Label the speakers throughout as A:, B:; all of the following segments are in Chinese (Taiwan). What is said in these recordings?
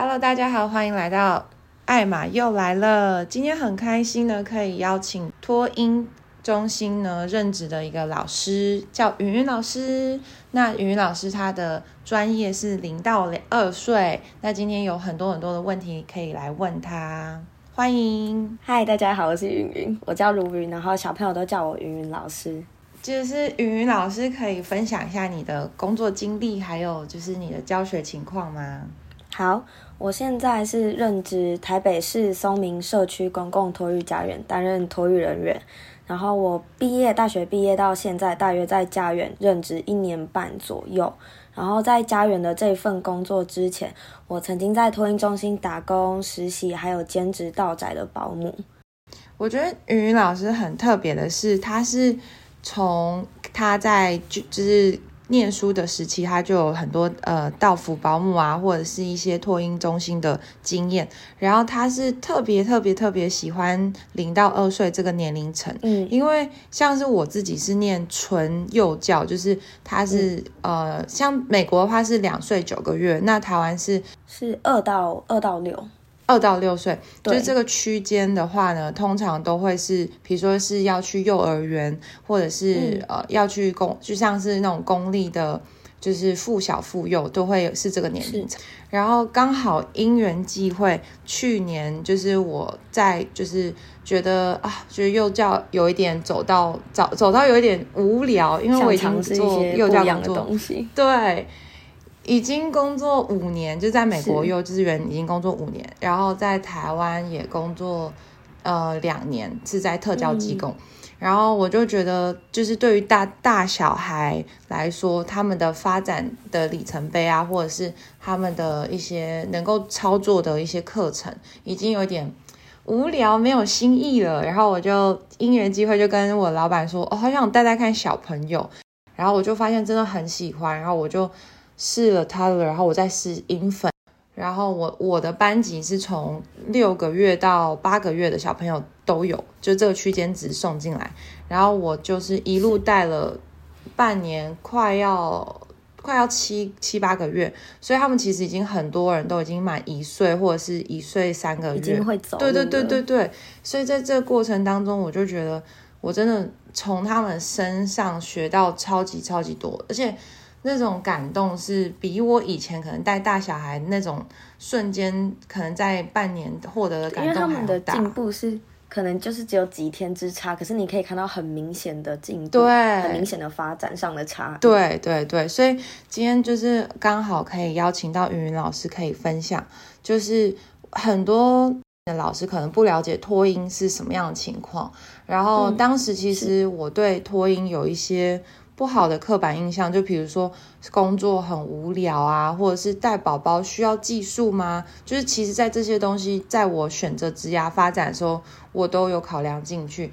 A: Hello，大家好，歡迎來到艾瑪幼來了。今天很開心呢，可以邀請托嬰中心呢任職的一個老師叫芸芸老師。那芸芸老師他的專業是零到兩歲。那今天有很多很多的問題可以來問他，歡迎。Hi，大家好，我是芸芸，我叫盧芸，然後小朋友都叫我芸芸老師。就是芸芸老師可以分享一下你的工作經歷，還有就是你的教學情況嗎？好。
B: 我現在是任職台北市松明社區公共托育家園，擔任托育人員。然後我畢業，大學畢業到現在，大約在家園任職一年半左右。然後在家園的這份工作之前，我曾經在托嬰中心打工實習，還有兼職到宅的保姆。
A: 我覺得云云老師很特別的是，他是從他在就就是。念書的時期，他就有很多呃，到府保姆啊，或者是一些托嬰中心的經驗。然後他是特別特別特別喜歡零到二歲這個年齡層，嗯，因為像是我自己是念純幼教，就是他是、嗯、呃，像美國的話是兩歲九個月，那台灣是 是二到二到六。二到六歲，就是這個區間的話呢，對通常都會是，比如說是要去幼兒園，或者是、嗯、呃要去公,就像是那種公立的，就是附小附幼，都會是這個年齡層。是然後剛好因緣際會，去年就是我在就是覺得啊，就是幼教有一點走到走走到有一點無聊，因為我已經做幼教的東西，對。已經工作五年，就在美國幼稚園已經工作五年，是然後在台灣也工作，呃，兩年是在特教機構。嗯、然後我就覺得，就是對於大大小孩來說，他們的發展的里程碑啊，或者是他們的一些能夠操作的一些課程，已經有點無聊、沒有新意了。然後我就因緣機會，就跟我老闆說，哦，好想帶帶看小朋友。然後我就發現真的很喜歡，然後我就。試了 toddler 了，然後我再試 infant。然後我我的班級是從六個月到八個月的小朋友都有，就這個區間只送進來。然後我就是一路帶了半年，快要是快要七七八個月，所以他們其實已經很多人都已經滿一歲或者是一歲三個月，已經會走了。對對對對對。所以在這個過程當中，我就覺得我真的從他們身上學到超級超級多，而且。這種感動是比我以前可能帶大小孩那種瞬間，可能在半年獲得的感動還很大。
B: 因為他們的進步是可能就是只有幾天之差，可是你可以看到很明顯的進步，對，很明顯的發展上的差。
A: 對對對，所以今天就是剛好可以邀請到芸芸老師可以分享，就是很多的老師可能不了解托嬰是什麼樣的情況，然後當時其實我對托嬰有一些。不好的刻板印象，就比如說工作很無聊啊，或者是帶寶寶需要技術嗎？就是其實，在這些東西，在我選擇職涯發展的時候，我都有考量進去。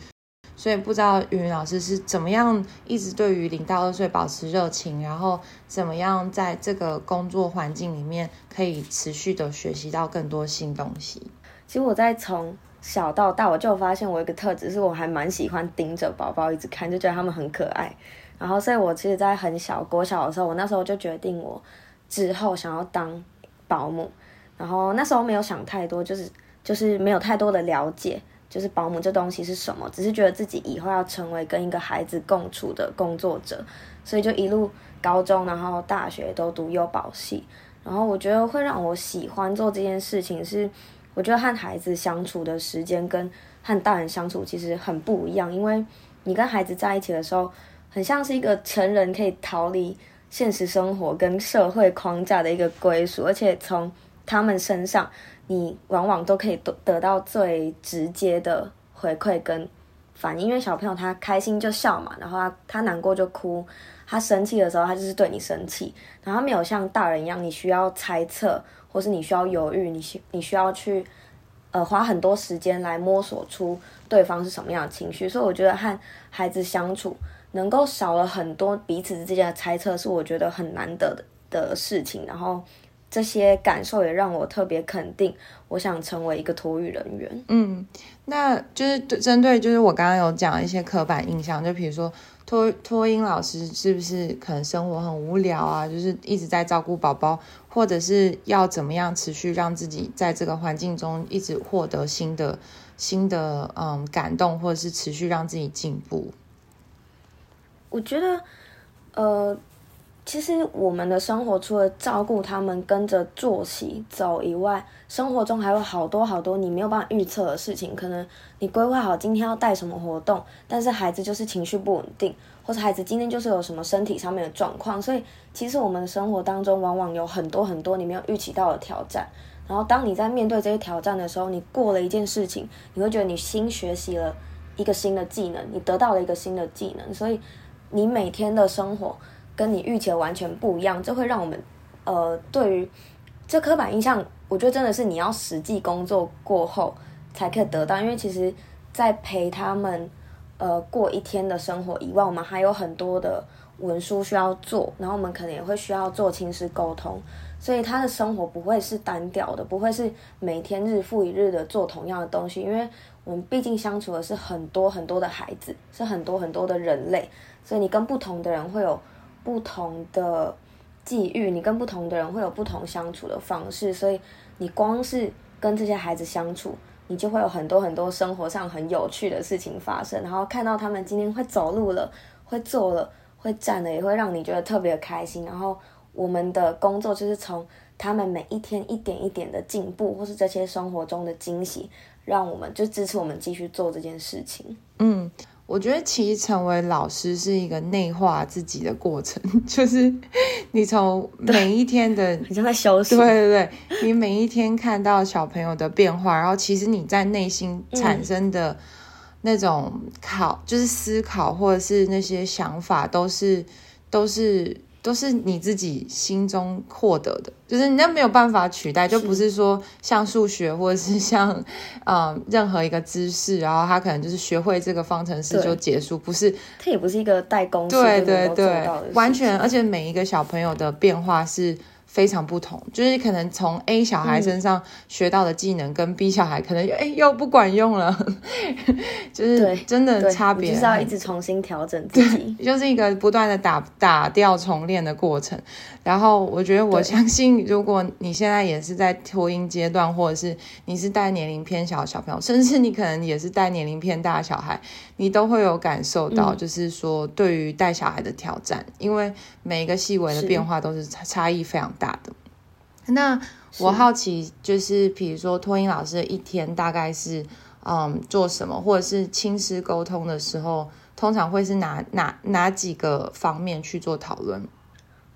A: 所以不知道芸芸老師是怎麼樣一直對於零到二歲保持熱情，然後怎麼樣在這個工作環境裡面可以持續的學習到更多新東西。其實我在從小到大，我就發現我一個
B: 特質，是我還蠻喜歡盯着寶寶一直看，就覺得他們很可愛。然後，所以我其實，在很小國小的時候，我那時候就決定我之後想要當保母。然後那時候沒有想太多，就是就是沒有太多的了解，就是保母這東西是什麼，只是覺得自己以後要成為跟一個孩子共處的工作者。所以就一路高中，然後大學都讀幼保系。然後我覺得會讓我喜歡做這件事情是，我覺得和孩子相處的時間跟和大人相處其實很不一樣，因為你跟孩子在一起的時候。很像是一個成人可以逃離現實生活跟社會框架的一個歸屬，而且從他們身上，你往往都可以得得到最直接的回饋跟反應。因為小朋友他開心就笑嘛，然後他他難過就哭，他生氣的時候他就是對你生氣，然後他沒有像大人一樣，你需要猜測，或是你需要猶豫，你需你需要去呃花很多時間來摸索出對方是什麼樣的情緒。所以我覺得和孩子相處。能夠少了很多彼此之間的猜測，是我覺得很難得的,的事情。然後這些感受也讓我特別肯定，我想成為一個托育人員。嗯，
A: 那就是針對就是我剛剛有講一些刻板印象，就比如說托托嬰老師是不是可能生活很無聊啊？就是一直在照顧寶寶，或者是要怎麼樣持續讓自己在這個環境中一直獲得新的新的嗯感動，或者是持續讓自己進步。
B: 我覺得，呃，其實我們的生活除了照顧他們跟着作息走以外，生活中還有好多好多你沒有辦法預測的事情。可能你規劃好今天要帶什麼活動，但是孩子就是情緒不穩定，或者孩子今天就是有什麼身體上面的狀況。所以，其實我們的生活當中往往有很多很多你沒有預期到的挑戰。然後，當你在面對這些挑戰的時候，你過了一件事情，你會覺得你新學習了一個新的技能，你得到了一個新的技能，所以，你每天的生活跟你預期的完全不一樣，這會讓我們，呃，對於這刻板印象，我覺得真的是你要實際工作過後才可以得到。因為其實，在陪他們，呃，過一天的生活以外，我們還有很多的文書需要做，然後我們可能也會需要做親師溝通，所以他的生活不會是單調的，不會是每天日復一日的做同樣的東西。因為我們畢竟相處的是很多很多的孩子，是很多很多的人類。所以你跟不同的人會有不同的際遇，你跟不同的人會有不同相處的方式。所以你光是跟這些孩子相處，你就會有很多很多生活上很有趣的事情發生。然後看到他們今天會走路了，會坐了，會站了，也會讓你覺得特別開心。然後我們的工作就是從他們每一天一點一點的進步，或是這些生活中的驚喜，讓我們就支持我們繼續做這件事
A: 情。嗯。我覺得其實成為老師是一個內化自己的過程，就是你從每一天的你在消失，對,對對對， 你每一天看到小朋友的變化，然後其實你在內心產生的那種考，就是思考或者是那些想法都，都是都是。都是你自己心中獲得的，就是你那沒有辦法取代，就不是說像數學或者是像，啊、嗯呃、任何一個知識，然後他可能就是學會這個方程式就結束。對不是，他也不是一個代公式。對對對，完全，而且每一個小朋友的變化是，非常不同，就是可能從 A 小孩身上學到的技能，嗯、跟 B 小孩可能哎、欸、又不管用了， 就是真的差別。就是要一直重新調整自己， 就是一個不斷的打打掉重練的過程。然後我覺得，我相信，如果你現在也是在托嬰階段，或者是你是帶年齡偏小的小朋友，甚至你可能也是帶年齡偏大的小孩，你都會有感受到，就是說對於帶小孩的挑戰，嗯、因為每一個細微的變化都是差差異非常大的。是那是我好奇，就是比如說托嬰老師一天大概是嗯做什麼，或者是親師溝通的時候，通常會是哪哪哪幾個方面去做討論？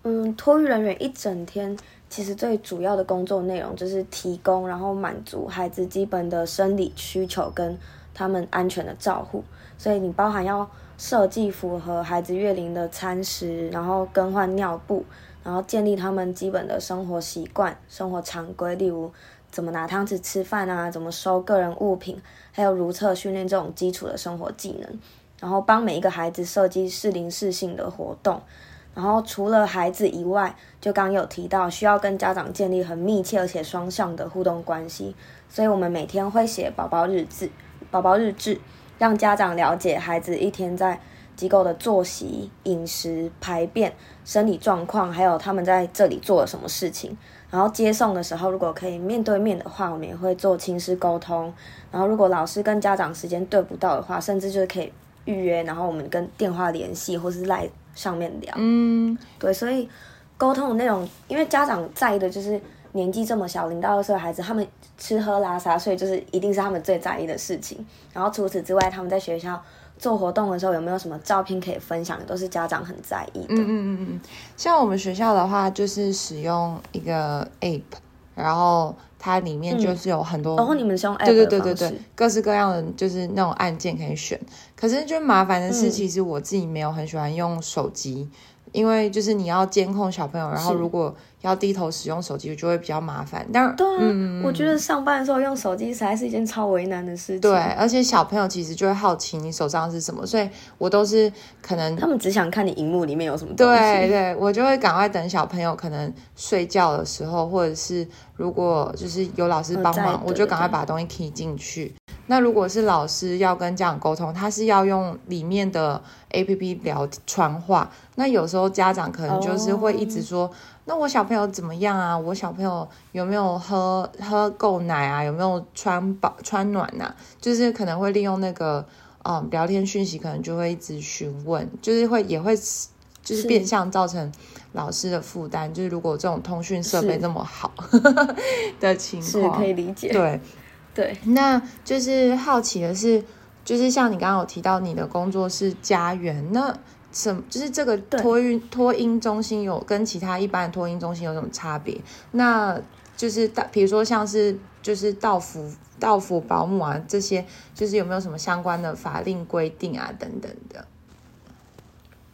B: 嗯，托育人員一整天其實最主要的工作內容就是提供，然後滿足孩子基本的生理需求跟他們安全的照護。所以你包含要設計符合孩子月齡的餐食，然後更換尿布，然後建立他們基本的生活習慣、生活常規，例如怎麼拿湯匙吃飯啊，怎麼收個人物品，還有如廁訓練這種基礎的生活技能，然後幫每一個孩子設計適齡適性的活動。然後除了孩子以外，就剛剛有提到需要跟家長建立很密切而且雙向的互動關係，所以我們每天會寫寶寶日誌，寶寶日誌讓家長了解孩子一天在機構的作息、飲食、排便、身體狀況，還有他們在這裡做了什麼事情。然後接送的時候，如果可以面對面的話，我們也會做親師溝通。然後如果老師跟家長時間對不到的話，甚至就是可以預約，然後我們跟電話聯繫，或是 LINE。上面聊，嗯，對，所以溝通的那種，因為家長在意的就是年紀這麼小，零到二歲的孩子，他們吃喝拉撒，所以就是一定是他們最在意的事情。然後除此之外，他們在學校做活動的時候有沒有什麼照片可以分享，都是家長很在意的。嗯
A: 嗯嗯，像我們學校的話，就是使用一個 APP。然後它裡面就是有很多，然後、嗯哦、你們
B: 是用 APP 對對對對對，對，
A: 各式各樣的就是那種按鍵可以選，嗯、可是就麻煩的是，其實我自己沒有很喜歡用手機，嗯、因為就是你要監控小朋友，是然後如果要低頭使用手機就會比較麻煩。但對、啊，嗯、我覺得
B: 上班的時候用手機實在是一件超為難的事情。對，
A: 而且小朋友其實就會好奇你手上是什麼，所以我都是可能他們只想看你熒幕裡面有什麼東西。對，對，對我就會趕快等小朋友可能睡覺的時候，或者是。如果就是有老師幫忙，我就趕快把東西提進去。對對對。那如果是老師要跟家長溝通，他是要用裡面的 APP 聊傳話。那有時候家長可能就是會一直說，Oh. 那我小朋友怎麼樣啊？我小朋友有沒有喝喝夠奶啊？有沒有穿飽穿暖吶，啊？就是可能會利用那個嗯聊天訊息，可能就會一直詢問，就是會也會。就是變相造成老師的負擔。是就是如果這種通訊設備那麼好是 的情況況，是可以理解。對對，對，那就是好奇的是，就是像你剛剛有提到你的工作是家園，那什麼就是這個托嬰對托嬰中心有跟其他一般的托嬰中心有什麼差別？那就是比如說像是就是到府到府保姆啊這些，就是有沒有什麼相關的法令規定啊等等的？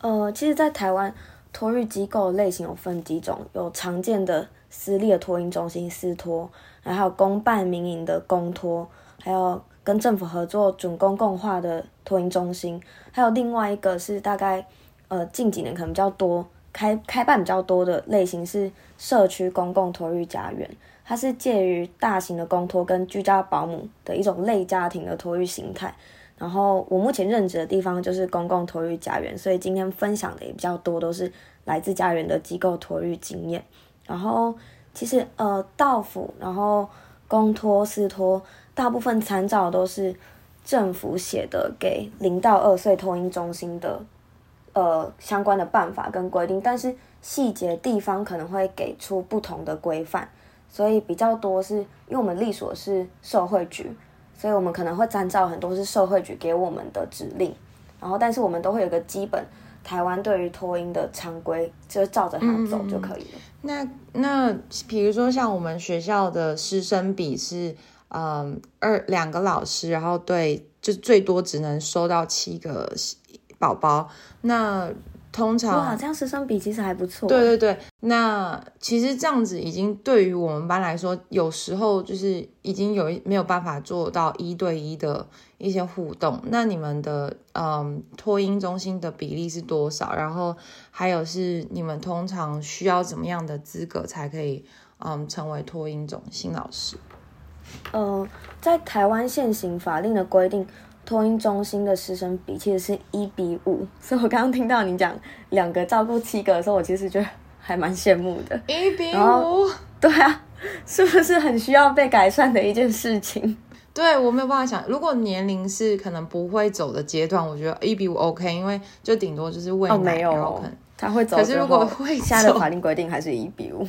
B: 呃，其實，在台灣托育機構類型有分幾種，有常見的私立的托嬰中心、私托，然後還有公辦民營的公托，還有跟政府合作準公共化的托嬰中心，還有另外一個是大概，呃，近幾年可能比較多開開辦比較多的類型是社區公共托育家園，它是介於大型的公托跟居家保姆的一種類家庭的托育形態。然後我目前任職的地方就是公共托育家園，所以今天分享的也比較多，都是來自家園的機構托育經驗。然後其實呃，道府，然後公托、私托，大部分參照的都是政府寫的給零到二歲托嬰中心的呃相關的辦法跟規定，但是細節地方可能會給出不同的規範，所以比較多是因為我們隸屬是社會局。所以，我們可能會參照很多是社會局給我們的指令，然後，但是我們都會有一個基本台灣對於托嬰的常規，就是、照着它走就可以了。
A: 嗯、那那比如說像我們學校的師生比是，嗯，二兩個老師，然後對，就最多只能收到七個寶寶。那通常哇，這
B: 樣師生比其
A: 實還不錯。對對對，那其實這樣子已經對於我們班來說，有時候就是已經有沒有辦法做到一對一的一些互動。那你們的嗯，托嬰中心的比例是多少？然後還有是你們通常需要怎麼樣的資格才可以嗯成為托嬰中心老師？嗯、
B: 呃，在台灣現行法令的規定。托嬰中心的師生比其實是一比五，所以我剛剛聽到你講兩個照顧七個的時候，我其實覺得還蠻羨慕的。一比五，
A: 對啊，是不是很需要被改善的一件事情？對，我沒有辦法想，如果年齡是可能不會走的階段，我覺得一比五 OK，因為就頂多就是餵奶，然、哦、有，可能他會走。可是如果會下的法令規定還是一比五，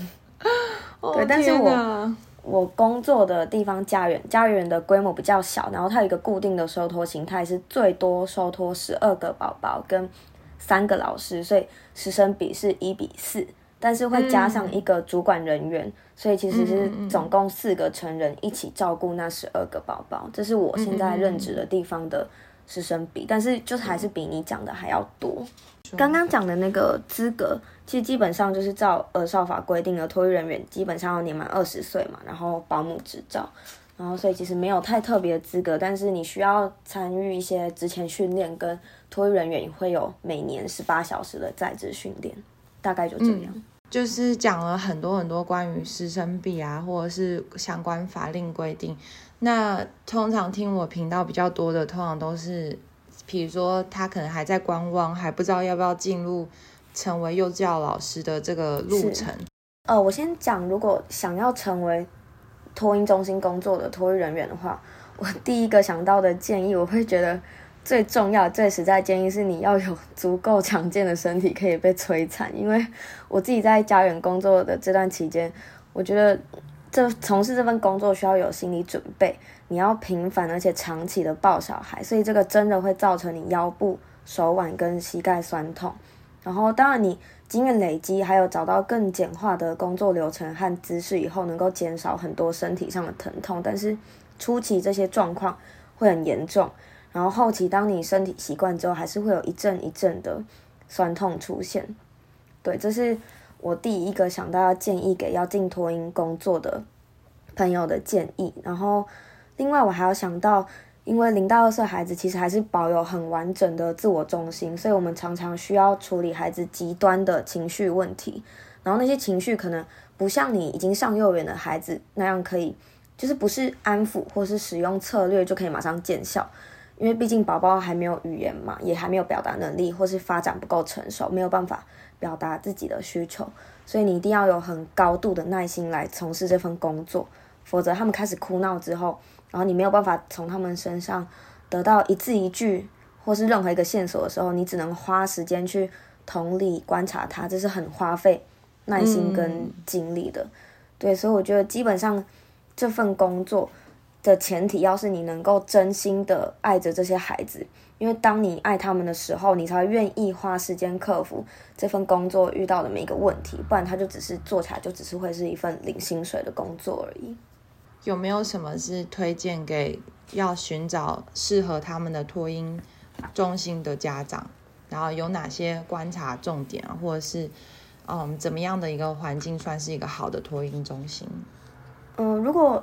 A: 哦 對，但是我。
B: 我工作的地方家園，家園的規模比較小，然後它有一個固定的收托形態，是最多收托十二個寶寶跟三個老師，所以師生比是一比四，但是會加上一個主管人員，所以其實是總共四個成人一起照顧那十二個寶寶，這是我現在任職的地方的師生比，但是就是還是比你講的還要多。剛剛講的那個資格，其實基本上就是照《兒少法》規定的，托育人員基本上要年滿二十歲嘛，然後保姆執照，然後所以其實沒有太特別的資格，但是你需要參與一些職前訓練，跟托育人員也會有每年十八小時的在職訓練，大
A: 概就這樣。嗯，就是講了很多很多關於師生比啊，或者是相關法令規定。那通常聽我頻道比較多的，通常都是，比如說他可能還在觀望，還不知道要不要進入。成為幼教老師的這個路程，
B: 呃，我先講，如果想要成為托嬰中心工作的托育人員的話，我第一個想到的建議，我會覺得最重要、最實在的建議是，你要有足夠強健的身體可以被摧殘。因為我自己在家園工作的這段期間，我覺得這從事這份工作需要有心理準備，你要頻繁而且長期的抱小孩，所以這個真的會造成你腰部、手腕跟膝蓋酸痛。然後，當然，你經驗累積，還有找到更簡化的工作流程和姿勢以後，能夠減少很多身體上的疼痛。但是初期這些狀況會很嚴重，然後後期當你身體習慣之後，還是會有一陣一陣的酸痛出現。對，這是我第一個想到要建議給要進托嬰工作的朋友的建議。然後，另外我還要想到。因為零到二歲孩子其實還是保有很完整的自我中心，所以我們常常需要處理孩子極端的情緒問題。然後那些情緒可能不像你已經上幼兒園的孩子那樣可以，就是不是安撫或是使用策略就可以馬上見效。因為畢竟寶寶還沒有語言嘛，也還沒有表達能力，或是發展不夠成熟，沒有辦法表達自己的需求。所以你一定要有很高度的耐心來從事這份工作，否則他們開始哭鬧之後。然後你沒有辦法從他們身上得到一字一句，或是任何一個線索的時候，你只能花時間去同理觀察他，這是很花費耐心跟精力的。嗯、對，所以我覺得基本上這份工作的前提，要是你能夠真心的愛着這些孩子，因為當你愛他們的時候，你才會願意花時間克服這份工作遇到的每一個問題，不然他就只是做起來就只是會是一份領
A: 薪水的工作而已。有沒有什麼是推薦給要尋找適合他們的托嬰中心的家長？然後有哪些觀察重點，或者是嗯怎麼樣的一個環境算是一個好的托嬰中心？嗯、呃，如果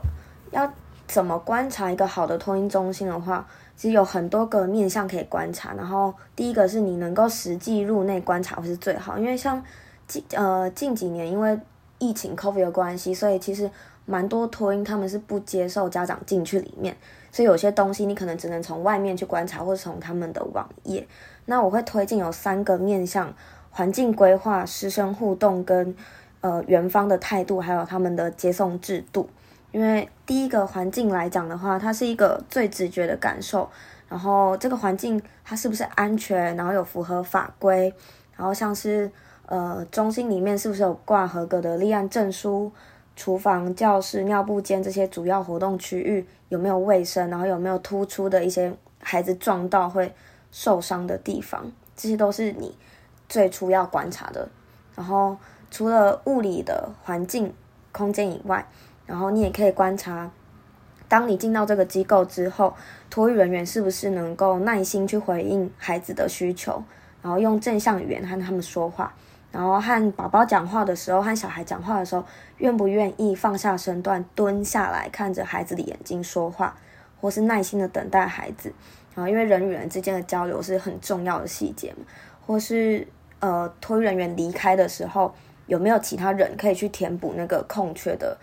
B: 要怎麼觀察一個好的托嬰中心的話，其實有很多個面向可以觀察。然後第一個是你能夠實際入內觀察，會是最好。因為像近呃近幾年因為疫情 COVID 的關係，所以其實。蠻多托嬰，他們是不接受家長進去裡面，所以有些東西你可能只能從外面去觀察，或者從他們的網頁。那我會推薦有三個面向：環境規劃、師生互動跟、跟呃園方的態度，還有他們的接送制度。因為第一個環境來講的話，它是一個最直覺的感受。然後這個環境它是不是安全？然後有符合法規？然後像是呃中心裡面是不是有掛合格的立案證書？廚房、教室、尿布間這些主要活動區域有沒有衛生？然後有沒有突出的一些孩子撞到會受傷的地方？這些都是你最初要觀察的。然後除了物理的環境空間以外，然後你也可以觀察，當你進到這個機構之後，托育人員是不是能夠耐心去回應孩子的需求，然後用正向語言和他們說話。然後和寶寶講話的時候，和小孩講話的時候，願不願意放下身段蹲下來看着孩子的眼睛說話，或是耐心的等待孩子。然後，因為人與人之間的交流是很重要的細節嘛。或是呃，托育人員離開的時候，有沒有其他人可以去填補那個空缺的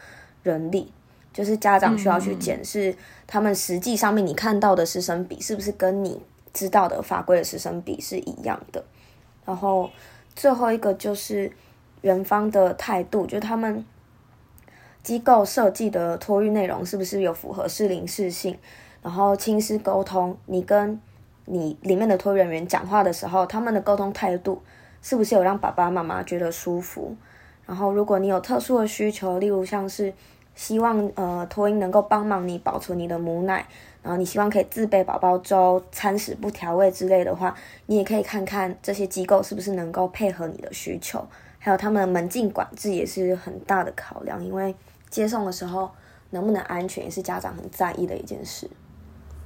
B: 人力？就是家長需要去檢視他們實際上面你看到的師生比是不是跟你知道的法規的師生比是一樣的。然後。最後一個就是園方的態度，就他們機構設計的托育內容是不是有符合適齡適性，然後親師溝通，你跟你裡面的托育人員講話的時候，他們的溝通態度是不是有讓爸爸媽媽覺得舒服，然後如果你有特殊的需求，例如像是。希望呃，托嬰能夠幫忙你保存你的母奶，然後你希望可以自備寶寶粥、餐食不調味之類的話，你也可以看看這些機構是不是能夠配合你的需求，還有他們的門禁管制也是很大的考量，因為接送的時候能不能安全也是家長很在意的一件事。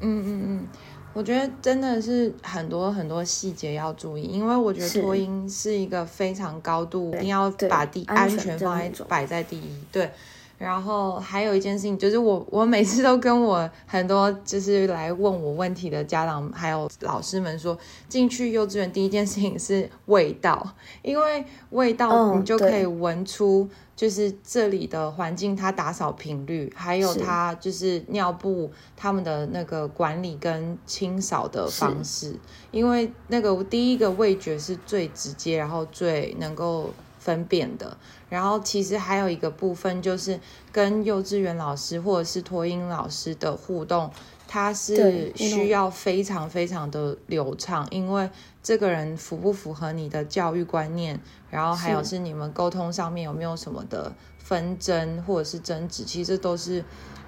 A: 嗯嗯嗯，我覺得真的是很多很多細節要注意，因為我覺得托嬰是一個非常高度一定要把第安，安全放在擺在第一，對。然後還有一件事情，就是我我每次都跟我很多就是來問我問題的家長還有老師們說，進去幼稚園第一件事情是味道，因為味道你就可以聞出就是這裡的環境它打掃頻率，還有它就是尿布他們的那個管理跟清掃的方式，因為那個第一個味覺是最直接，然後最能夠分辨的。然後其實還有一個部分，就是跟幼稚園老師或者是托嬰老師的互動，他是需要非常非常的流暢，因為這個人符不符合你的教育觀念，然後還有是你們溝通上面有沒有什麼的紛爭或者是爭執，其實都是，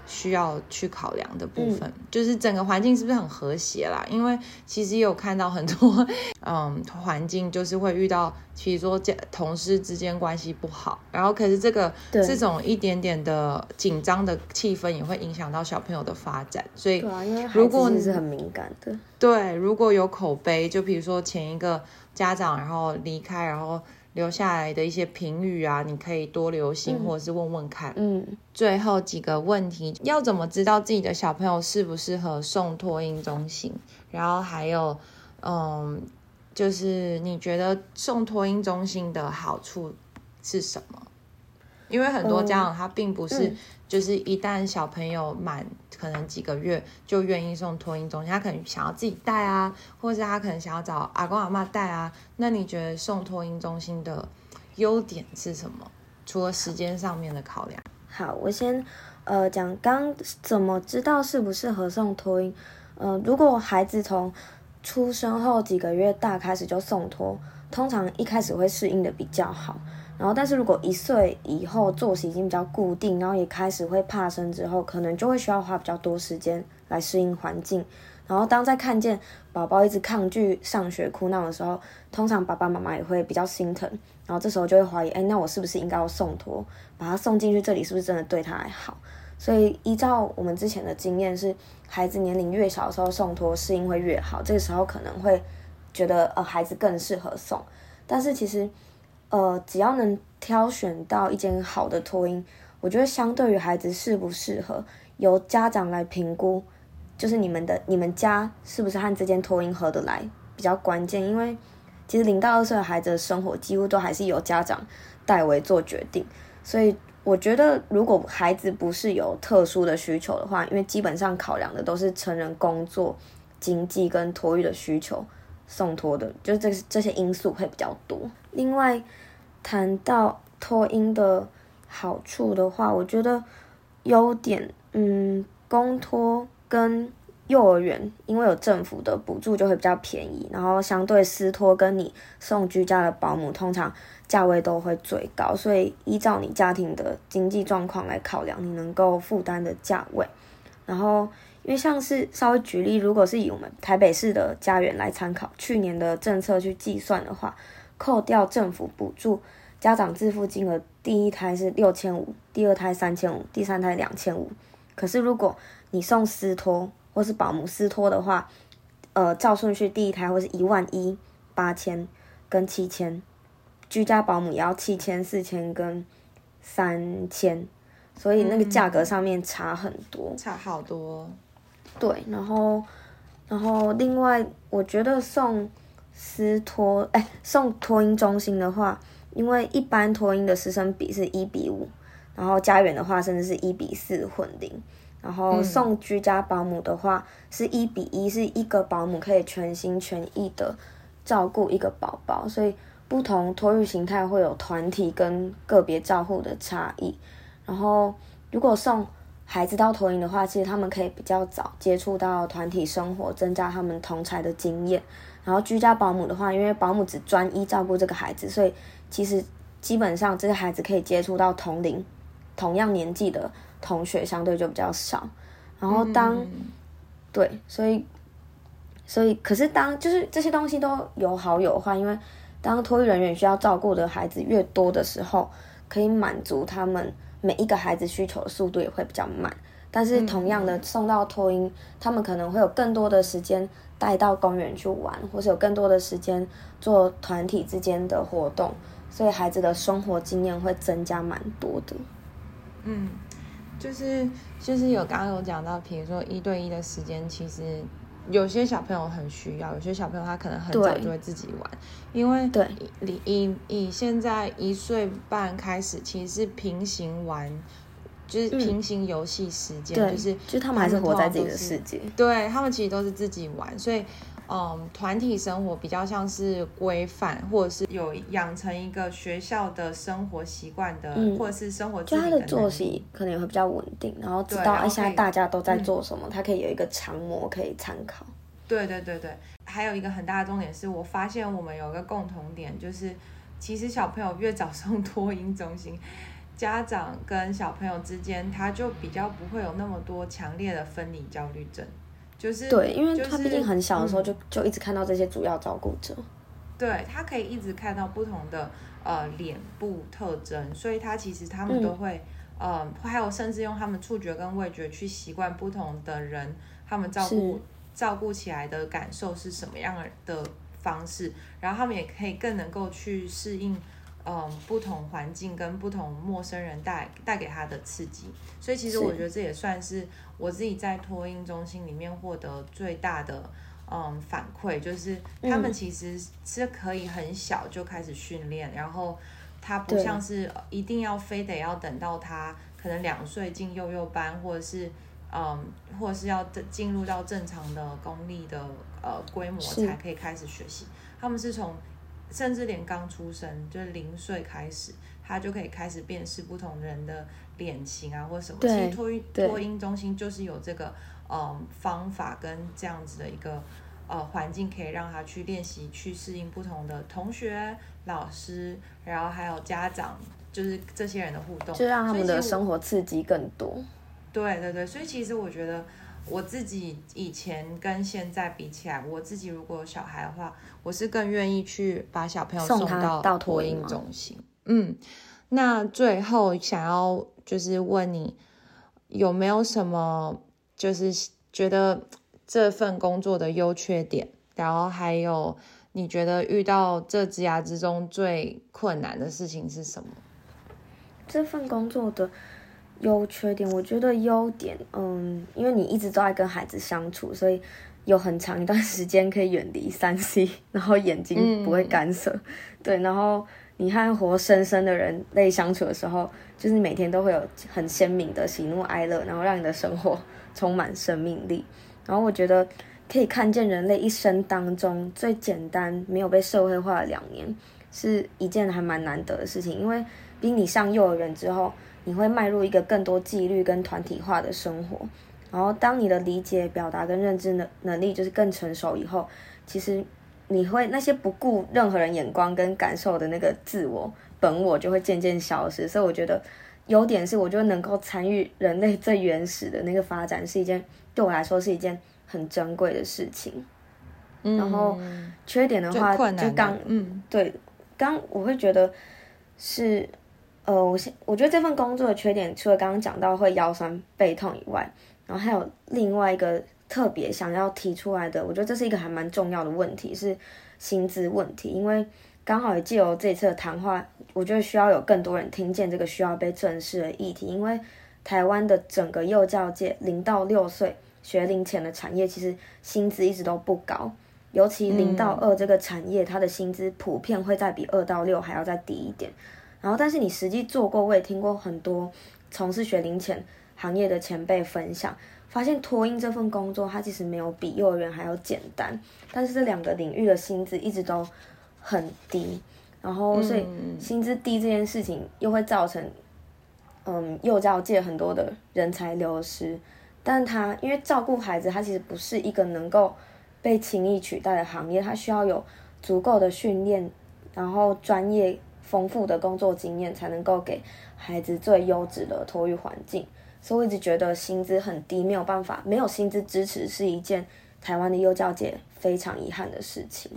A: 需要去考量的部分，嗯、就是整個環境是不是很和諧啦？因為其實也有看到很多，嗯，環境就是會遇到，其實說家同事之間關係不好，然後可是這個對這種一點點的緊張的氣氛也會影響到小朋友的發展。所以，如果你是很敏感的，對，如果有口碑，就比如說前一個家長然後離開，然後。留下來的一些評語啊，你可以多留心，嗯、或者是問問看。嗯，最後幾個問題，要怎麼知道自己的小朋友適不適合送托嬰中心？嗯、然後還有，嗯，就是你覺得送托嬰中心的好處是什麼？嗯、因為很多家長他並不是、嗯，就是一旦小朋友滿。可能幾個月就願意送托嬰中心，他可能想要自己帶啊，或者是他可能想要找阿公阿媽帶啊。那你覺得送托嬰中心的優點是什麼？除了時間上面的考量？
B: 好，我先呃講剛剛怎麼知道適不適合送托嬰。呃，如果孩子從出生後幾個月大開始就送托，通常一開始會適應的比較好。然後，但是如果一歲以後作息已經比較固定，然後也開始會怕生之後，可能就會需要花比較多時間來適應環境。然後當在看見寶寶一直抗拒上學哭鬧的時候，通常爸爸媽媽也會比較心疼。然後這時候就會懷疑，誒，那我是不是應該要送托，把他送進去？這裡是不是真的對他還好？所以依照我們之前的經驗是，是孩子年齡越小的時候送托適應會越好。這個時候可能會覺得，呃，孩子更適合送。但是其實。呃，只要能挑選到一間好的托嬰，我覺得相對於孩子適不適合。由家長來評估，就是你們的你們家是不是和這間托嬰合得來比較關鍵。因為其實零到二歲的孩子的生活幾乎都還是由家長代為做決定，所以我覺得如果孩子不是有特殊的需求的話，因為基本上考量的都是成人工作、經濟跟托育的需求。送托的，就是這這些因素會比較多。另外，談到托嬰的好處的話，我覺得優點，嗯，公托跟幼兒園，因為有政府的補助，就會比較便宜。然後，相對私托跟你送居家的保姆，通常價位都會最高。所以，依照你家庭的經濟狀況來考量，你能夠負擔的價位，然後。因為像是稍微舉例，如果是以我們台北市的家園來參考，去年的政策去計算的話，扣掉政府補助，家長自付金額第一胎是六千五，第二胎三千五，第三胎兩千五。可是如果你送私托或是保姆私托的話，呃，照順序第一胎會是一萬一八千跟七千，居家保姆也要七千四千跟三千，所以那個價格上面差很多，嗯，差好多。對，然後，然後另外，我覺得送私托，哎，送托嬰中心的話，因為一般托嬰的師生比是一比五，然後家園的話，甚至是一比四混齡，然後送居家保姆的話是一比一，嗯，是一個保姆可以全心全意的照顧一個寶寶，所以不同托育形態會有團體跟個別照護的差異，然後如果送。孩子到托育的話，其實他們可以比較早接觸到團體生活，增加他們同儕的經驗。然後居家保姆的話，因為保姆只專一照顧這個孩子，所以其實基本上這個孩子可以接觸到同齡、同樣年紀的同學，相對就比較少。然後當、嗯、對，所以所以可是當就是這些東西都有好有壞，因為當托育人員需要照顧的孩子越多的時候，可以滿足他們。每一個孩子需求的速度也會比較慢，但是同樣的、嗯、送到托嬰，他們可能會有更多的時間帶到公園去玩，或是有更多的時間做團體之間的活動，所以孩子的生活經驗會增加蠻多的。嗯，
A: 就是就是有剛剛有講到，比如說一對一的時間，其實。有些小朋友很需要，有些小朋友他可能很早就會自己玩，對因為以對，你你你現在一歲半開始，其實是平行玩，嗯、就是平行遊戲時間，對就是他就他們還是活在自己的世界，對他們其實都是自己玩，所以。嗯，團體生活比較像是規範，或者是有養成一個學校的生活習慣的，嗯、或者是生活自己的就他的作息
B: 可能也會比較穩定，然後知道哎現在大家都在做什麼，他、嗯、可以有一個常模可以參考。
A: 對對對對，還有一個很大的重點是我發現我們有一個共同點，就是其實小朋友越早送托嬰中心，家長跟小朋友之間他就比較不會有那麼多強烈的分離焦慮症。就是對，因為他畢竟很小的時
B: 候就、就是、就一直看到這些主要的照顧者，
A: 對他可以一直看到不同的呃臉部特徵，所以他其實他們都會嗯、呃，還有甚至用他們觸覺跟味覺去習慣不同的人，他們照顧是照顧起來的感受是什麼樣的方式，然後他們也可以更能夠去適應。嗯，不同環境跟不同陌生人帶帶給他的刺激，所以其實我覺得這也算是我自己在托嬰中心裡面獲得最大的嗯反饋，就是他們其實是可以很小就開始訓練，嗯、然後他不像是一定要非得要等到他可能兩歲進幼幼班，或者是嗯，或者是要進入到正常的公立的呃規模才可以開始學習，是他們是從。甚至連剛出生就是零歲開始，他就可以開始辨識不同人的臉型啊，或什麼。對其實托嬰，對托嬰中心就是有這個呃方法跟這樣子的一個呃環境，可以讓他去練習去適應不同的同學、老師，然後還有家長，就是這些人的互動，就讓他們的生
B: 活刺激更多。
A: 對對對，所以其實我覺得。我自己以前跟現在比起來，我自己如果有小孩的話，我是更願意去把小朋友送到托嬰中心。嗯，那最後想要就是問你，有沒有什麼就是覺得這份工作的優缺點？然後還有你覺得遇到這職涯之中最困難的事情是什麼？
B: 這份工作的。優缺點，我覺得優點，嗯，因為你一直都愛跟孩子相處，所以有很長一段時間可以遠離三 C，然後眼睛不會乾澀，嗯、對，然後你和活生生的人類相處的時候，就是每天都會有很鮮明的喜怒哀樂，然後讓你的生活充滿生命力。然後我覺得可以看見人類一生當中最簡單沒有被社會化的兩年，是一件還蠻難得的事情，因為比你上幼兒園之後。你會邁入一個更多紀律跟團體化的生活，然後當你的理解、表達跟認知能能力就是更成熟以後，其實你會那些不顧任何人眼光跟感受的那個自我本我就會漸漸消失。所以我覺得優點是，我就能夠參與人類最原始的那個發展，是一件對我來說是一件很珍貴的事情。嗯，然後缺點的話，就剛嗯，對，剛我會覺得是。呃，我先我覺得這份工作的缺點，除了剛剛講到會腰酸背痛以外，然後還有另外一個特別想要提出來的，我覺得這是一個還蠻重要的問題，是薪資問題。因為剛好也借由這次的談話，我覺得需要有更多人聽見這個需要被正視的議題。因為台灣的整個幼教界，零到六歲學齡前的產業，其實薪資一直都不高，尤其零到二這個產業，它的薪資普遍會再比二到六還要再低一點。然後，但是你實際做過，我也聽過很多從事學齡前行業的前輩分享，發現托嬰這份工作它其實沒有比幼兒園還要簡單，但是這兩個領域的薪資一直都很低，然後所以薪資低這件事情又會造成，嗯，嗯，幼教界很多的人才流失，但他因為照顧孩子，他其實不是一個能夠被輕易取代的行業，他需要有足夠的訓練，然後專業。豐富的工作經驗才能夠給孩子最優質的托育環境，所以我一直覺得薪資很低，沒有辦法，沒有薪資支持是一件台灣的幼教界非常遺憾的
A: 事情。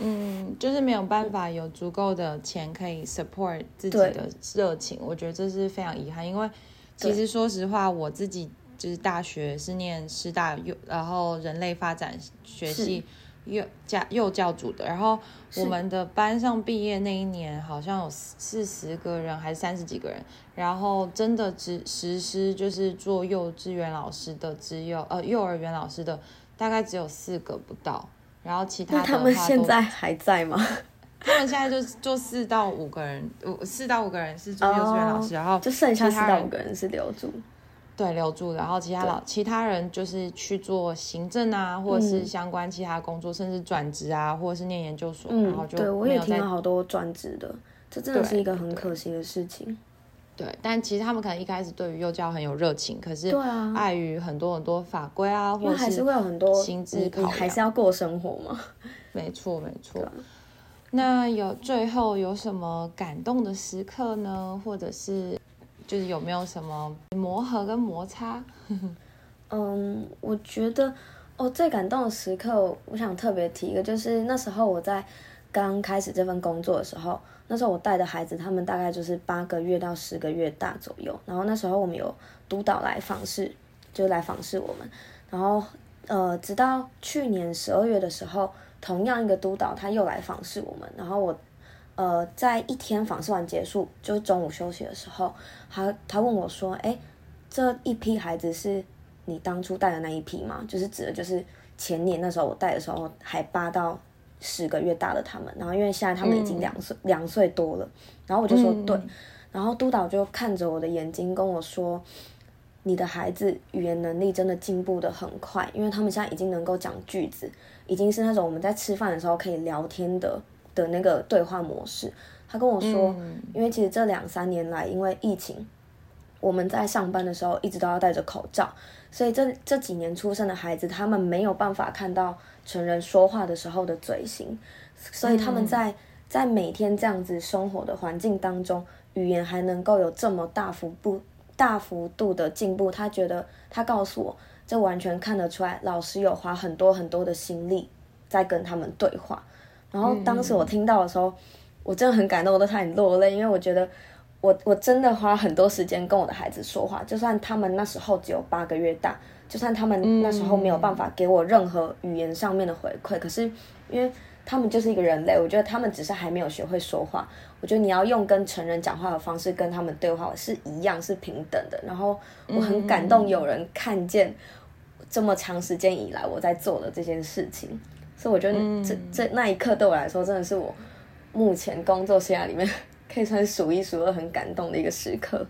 A: 嗯，就是沒有辦法有足夠的錢可以 support 自己的熱情，對我覺得這是非常遺憾，因為其實說實話，對我自己就是大學是念師大幼，然後人類發展學系。幼教幼教組的，然後我們的班上畢業那一年，好像有四十個人還是三十幾個人，然後真的只實施，就是做幼稚園老師的只有呃幼兒園老師的大概只有四個不到，然後其他的、的他們現在還在嗎？他們現在就是做四到五個人，五四到五個人是做幼稚園老師，oh, 然後就剩下四到五個
B: 人是留住。
A: 對，留住，然後其他老對其他人就是去做行政啊，嗯、或者是相關其他工作，甚至轉職啊，或者是念研究所，嗯、然後就有對我也聽了好多轉職的，這真的是一個很可惜的事情。對對。對，但其實他們可能一開始對於幼教很有熱情，嗯、可是礙於很多很多法規啊，啊或者是，還是會有很多薪資，你還是要過生活嘛。沒錯，沒錯。 那有最後有什麼感動的時刻呢？或者是？就是有沒有什麼磨合跟摩擦？ 嗯，我覺得哦，最感動的時刻，我想特別提一個，
B: 就是那時候我在剛開始這份工作的時候，那時候我帶的孩子他們大概就是八個月到十個月大左右，然後那時候我們有督導來訪視，就來訪視我們，然後呃，直到去年十二月的時候，同樣一個督導他又來訪視我們，然後我。呃，在一天訪視完結束，就是中午休息的時候，他他問我說：“誒、欸，這一批孩子是你當初帶的那一批嗎？”就是指的，就是前年那時候我帶的時候還八到十個月大的他們。然後因為現在他們已經兩歲，兩歲、嗯、多了。然後我就說對。然後督導就看着我的眼睛跟我說：“你的孩子語言能力真的進步得很快，因為他們現在已經能夠講句子，已經是那種我們在吃飯的時候可以聊天的。”的那個對話模式，他跟我說，因為其實這兩三年來，因為疫情，我們在上班的時候一直都要戴着口罩，所以這這幾年出生的孩子，他們沒有辦法看到成人說話的時候的嘴型，所以他們在在每天這樣子生活的環境當中，語言還能夠有這麼大幅大幅度的進步，他覺得，他告訴我，這完全看得出來，老師有花很多很多的心力在跟他們對話。然後當時我聽到的時候，嗯、我真的很感動，我都差點落淚，因為我覺得我我真的花很多時間跟我的孩子說話，就算他們那時候只有八個月大，就算他們那時候沒有辦法給我任何語言上面的回饋，嗯、可是因為他們就是一個人類，我覺得他們只是還沒有學會說話，我覺得你要用跟成人講話的方式跟他們對話是一樣是平等的。然後我很感動，有人看見這麼長時間以來我在做的這件事情。所以我覺得這、嗯、這、這那一刻對我來說真的是我目前工作生涯裡面可以算數一數二很感動的一個時刻。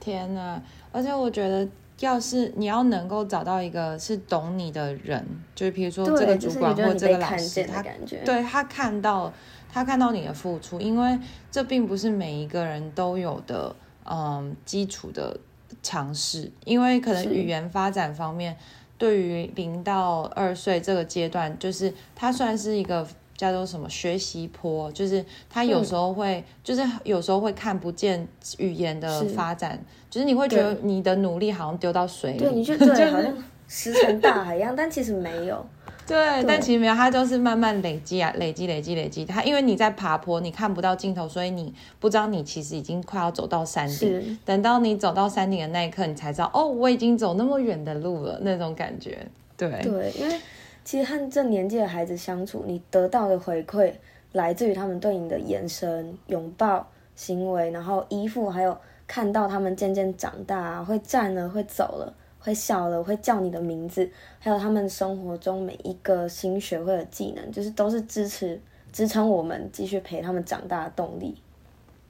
A: 天哪！而且我覺得，要是你要能夠找到一個是懂你的人，就是譬如說這個主管或這個老師，他、就是、感覺對他、他看到他看到你的付出，因為這並不是每一個人都有的，嗯，基礎的嘗試，因為可能語言發展方面。對於零到二歲，這個階段，就是他算是一個叫做什麼學習坡，就是他有時候會，嗯、就是有時候會看不見語言的發展，是就是你會覺得你的努力好像丟到水裡，對，你就覺
B: 得好像石沉大海一樣，但其實沒有。
A: 對，對，但其實沒有，他就是慢慢累積啊，累積、累積、累積。他因為你在爬坡，你看不到盡頭，所以你不知道你其實已經快要走到山頂。是等到你走到山頂的那一刻，你才知道哦，我已經走那麼遠的路了，那種感覺。對，對，因為其實和這年紀的孩子相
B: 處，你得到的回饋來自於他們對你的眼神、擁抱、行為，然後依附，還有看到他們漸漸長大、啊，會站了，會走了。會笑了，會叫你的名字，還有他們生活中每一個新學會的技能，就是都是支持支撐我們繼續陪他們長大的動力。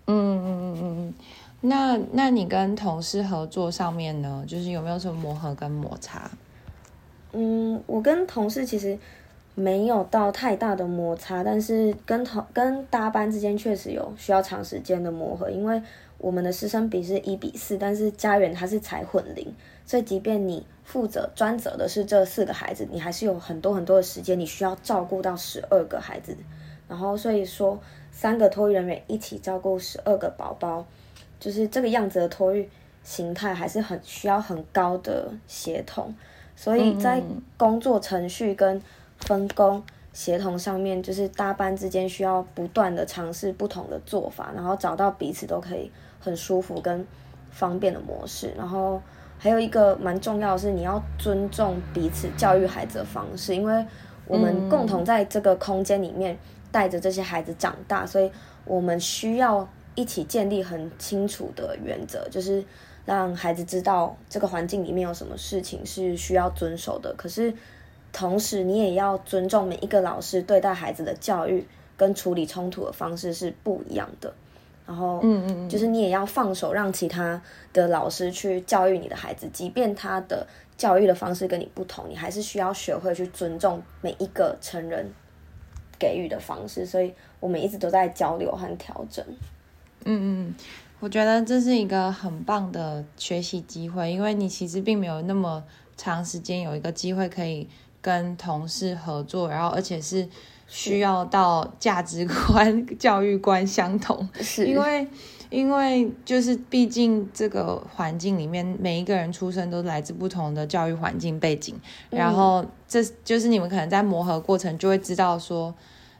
B: 嗯嗯
A: 嗯嗯，那那你跟同事合作上面呢，就是有沒有什麼磨合跟摩擦？
B: 嗯，我跟同事其實沒有到太大的摩擦，但是跟同跟搭班之間確實有需要長時間的磨合，因為我們的師生比是一比四，但是家園她是採混齡。所以，即便你負責專責的是這四個孩子，你還是有很多很多的時間，你需要照顧到十二個孩子。然後，所以說，三個托育人員一起照顧十二個寶寶，就是這個樣子的托育形態，還是很需要很高的協同。所以在工作程序跟分工協同上面，就是搭班之間需要不斷的嘗試不同的做法，然後找到彼此都可以很舒服跟方便的模式，然後。還有一個蠻重要的是，你要尊重彼此教育孩子的方式，因為我們共同在這個空間裡面帶着這些孩子長大，嗯，所以我們需要一起建立很清楚的原則，就是讓孩子知道這個環境裡面有什麼事情是需要遵守的。可是同時，你也要尊重每一個老師對待孩子的教育跟處理衝突的方式是不一樣的。然後，嗯嗯嗯，就是你也要放手，讓其他的老師去教育你的孩子，即便他的教育的方式跟你不同，你還是需要學會去尊重每一個成人給予的方式。所以我們一直都在交流和調整。
A: 嗯嗯嗯，我覺得這是一個很棒的學習機會，因為你其實並沒有那麼長時間有一個機會可以跟同事合作，然後而且是。需要到價值觀、是教育觀相同，是因為，因為就是畢竟這個環境裡面，每一個人出生都來自不同的教育環境背景，嗯、然後這就是你們可能在磨合過程就會知道說。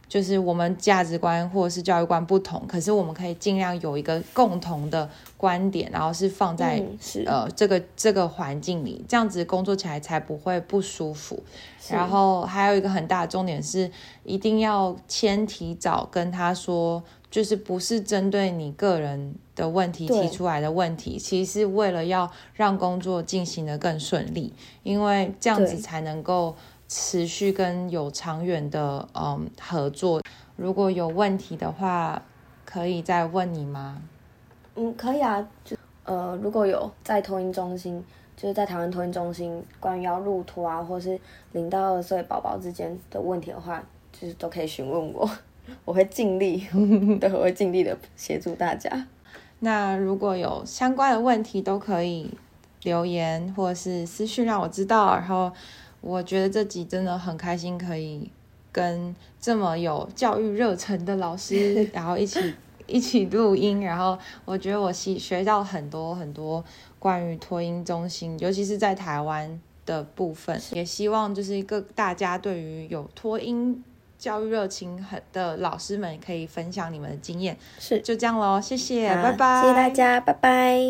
A: 就是我們價值觀或是教育觀不同，可是我們可以盡量有一個共同的觀點，然後是放在、嗯、是呃這個這個環境裡，這樣子工作起來才不會不舒服。
B: 是然後
A: 還有一個很大的重點是，一定要先提早跟他說，就是不是針對你個人的問題提出來的問題，對其實是為了要讓工作進行得更順利，因為這樣子才能夠。持續跟有長遠的嗯、um, 合作，如果有問題的話，可以再問你嗎？
B: 嗯，可以啊，就呃，如果有在托嬰中心，就是在台灣托嬰中心，關於要入托啊，或是零到二歲寶寶之間的問題的話，就是都可以詢問我，我會盡力，對，我會盡力的協助大家。
A: 那如果有相關的問題，都可以留言或是私訊讓我知道，然後。我覺得這集真的很開心，可以跟這麼有教育熱忱的老師， 然後一起一起錄音，然後我覺得我吸學到很多很多關於托嬰中心，尤其是在台灣的部分，是也希望就是一個大家對於有托嬰教育熱情很的老師們，可以分享你們的經驗。是，就這樣嘍，謝謝，好拜拜，謝謝大
B: 家，拜拜。